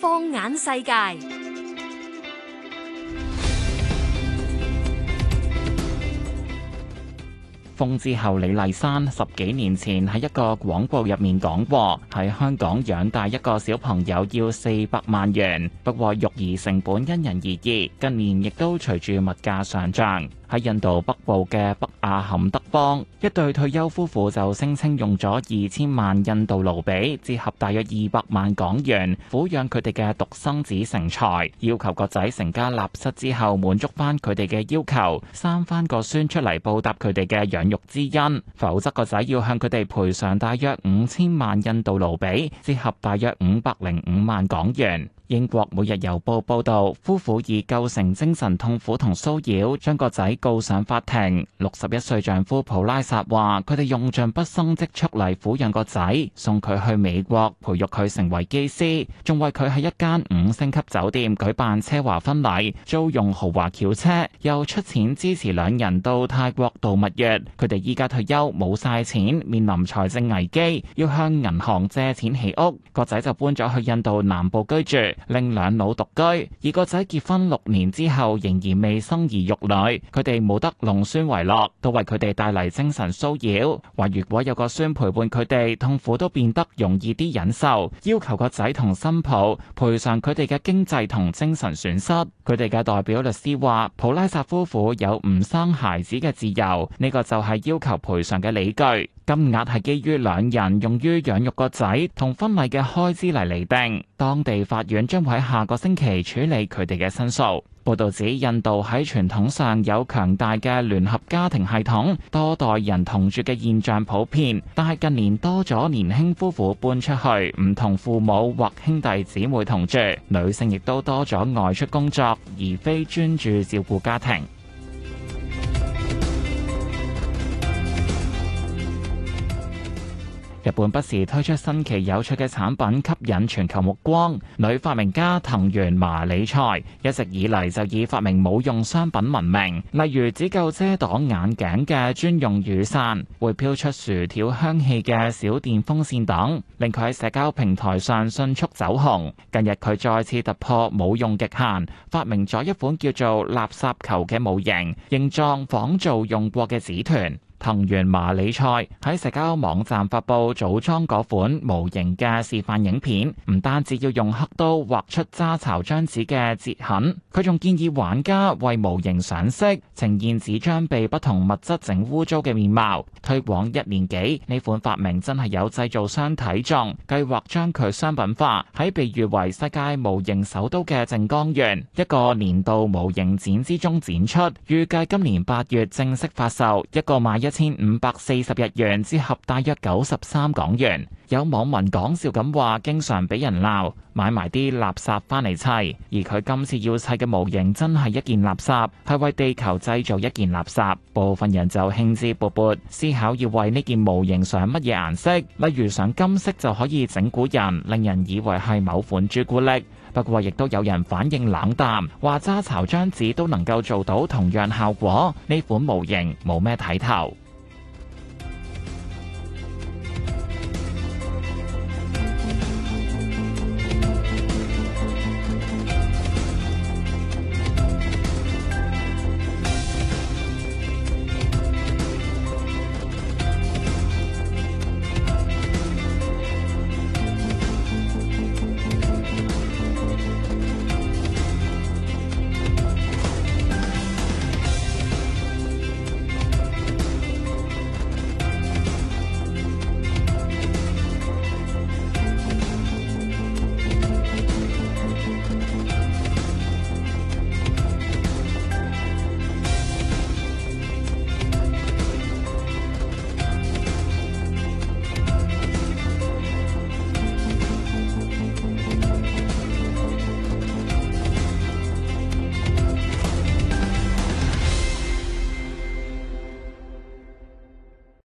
放眼世界，風之後李麗珊十幾年前喺一個廣播入面講過，喺香港養大一個小朋友要四百萬元。不過育兒成本因人而異，近年亦都隨住物價上漲。喺印度北部嘅北阿坎德邦，一對退休夫婦就聲稱用咗二千萬印度盧比，折合大約二百萬港元，撫養佢哋嘅獨生子成才，要求個仔成家立室之後滿足翻佢哋嘅要求，生翻個孫出嚟，報答佢哋嘅養育之恩，否則個仔要向佢哋賠償大約五千萬印度盧比，折合大約五百零五萬港元。英國每日郵報報道，夫婦以構成精神痛苦同騷擾將個仔告上法庭。六十一歲丈夫普拉薩話，佢哋用盡畢生積蓄嚟撫養個仔，送佢去美國培育佢成為機師，仲為佢喺一間五星級酒店舉辦奢華婚禮，租用豪華轎車，又出錢支持兩人到泰國度蜜月。佢哋依家退休冇晒錢，面臨財政危機，要向銀行借錢起屋。個仔就搬咗去印度南部居住。令兩老獨居，而個仔結婚六年之後仍然未生兒育女，佢哋冇得弄孫為樂，都為佢哋帶嚟精神騷擾。話如果有個孫陪伴佢哋，痛苦都變得容易啲忍受。要求個仔同新抱賠償佢哋嘅經濟同精神損失。佢哋嘅代表律師話：普拉薩夫婦有唔生孩子嘅自由，呢、這個就係要求賠償嘅理據。金額係基於兩人用於養育個仔同婚禮嘅開支嚟厘定。當地法院將會喺下個星期處理佢哋嘅申訴。報導指，印度喺傳統上有強大嘅聯合家庭系統，多代人同住嘅現象普遍，但係近年多咗年輕夫婦搬出去，唔同父母或兄弟姊妹同住，女性亦都多咗外出工作，而非專注照顧家庭。日本不時推出新奇有趣嘅產品吸引全球目光。女發明家藤原麻里菜一直以嚟就以發明冇用商品聞名，例如只夠遮擋眼鏡嘅專用雨傘、會飄出薯條香氣嘅小電風扇等，令佢喺社交平台上迅速走紅。近日佢再次突破冇用極限，發明咗一款叫做垃圾球嘅模型，形狀仿造用過嘅紙團。藤原麻里菜喺社交網站發布組裝嗰款模型嘅示範影片，唔單止要用刻刀畫出渣巢張紙嘅折痕，佢仲建議玩家為模型上色，呈現紙張被不同物質整污糟嘅面貌。推廣一年幾呢款發明真係有製造商睇中，計劃將佢商品化喺被譽為世界模型首都嘅靜岡縣一個年度模型展之中展出，預計今年八月正式發售，一個賣一。千五百四十日元，折合大約九十三港元。有網民講笑咁話，經常俾人鬧買埋啲垃圾翻嚟砌，而佢今次要砌嘅模型真係一件垃圾，係為地球製造一件垃圾。部分人就興致勃勃思考要為呢件模型上乜嘢顏色，例如上金色就可以整蠱人，令人以為係某款朱古力。不過，亦都有人反應冷淡，話揸皺張紙都能夠做到同樣效果，呢款模型冇咩睇頭。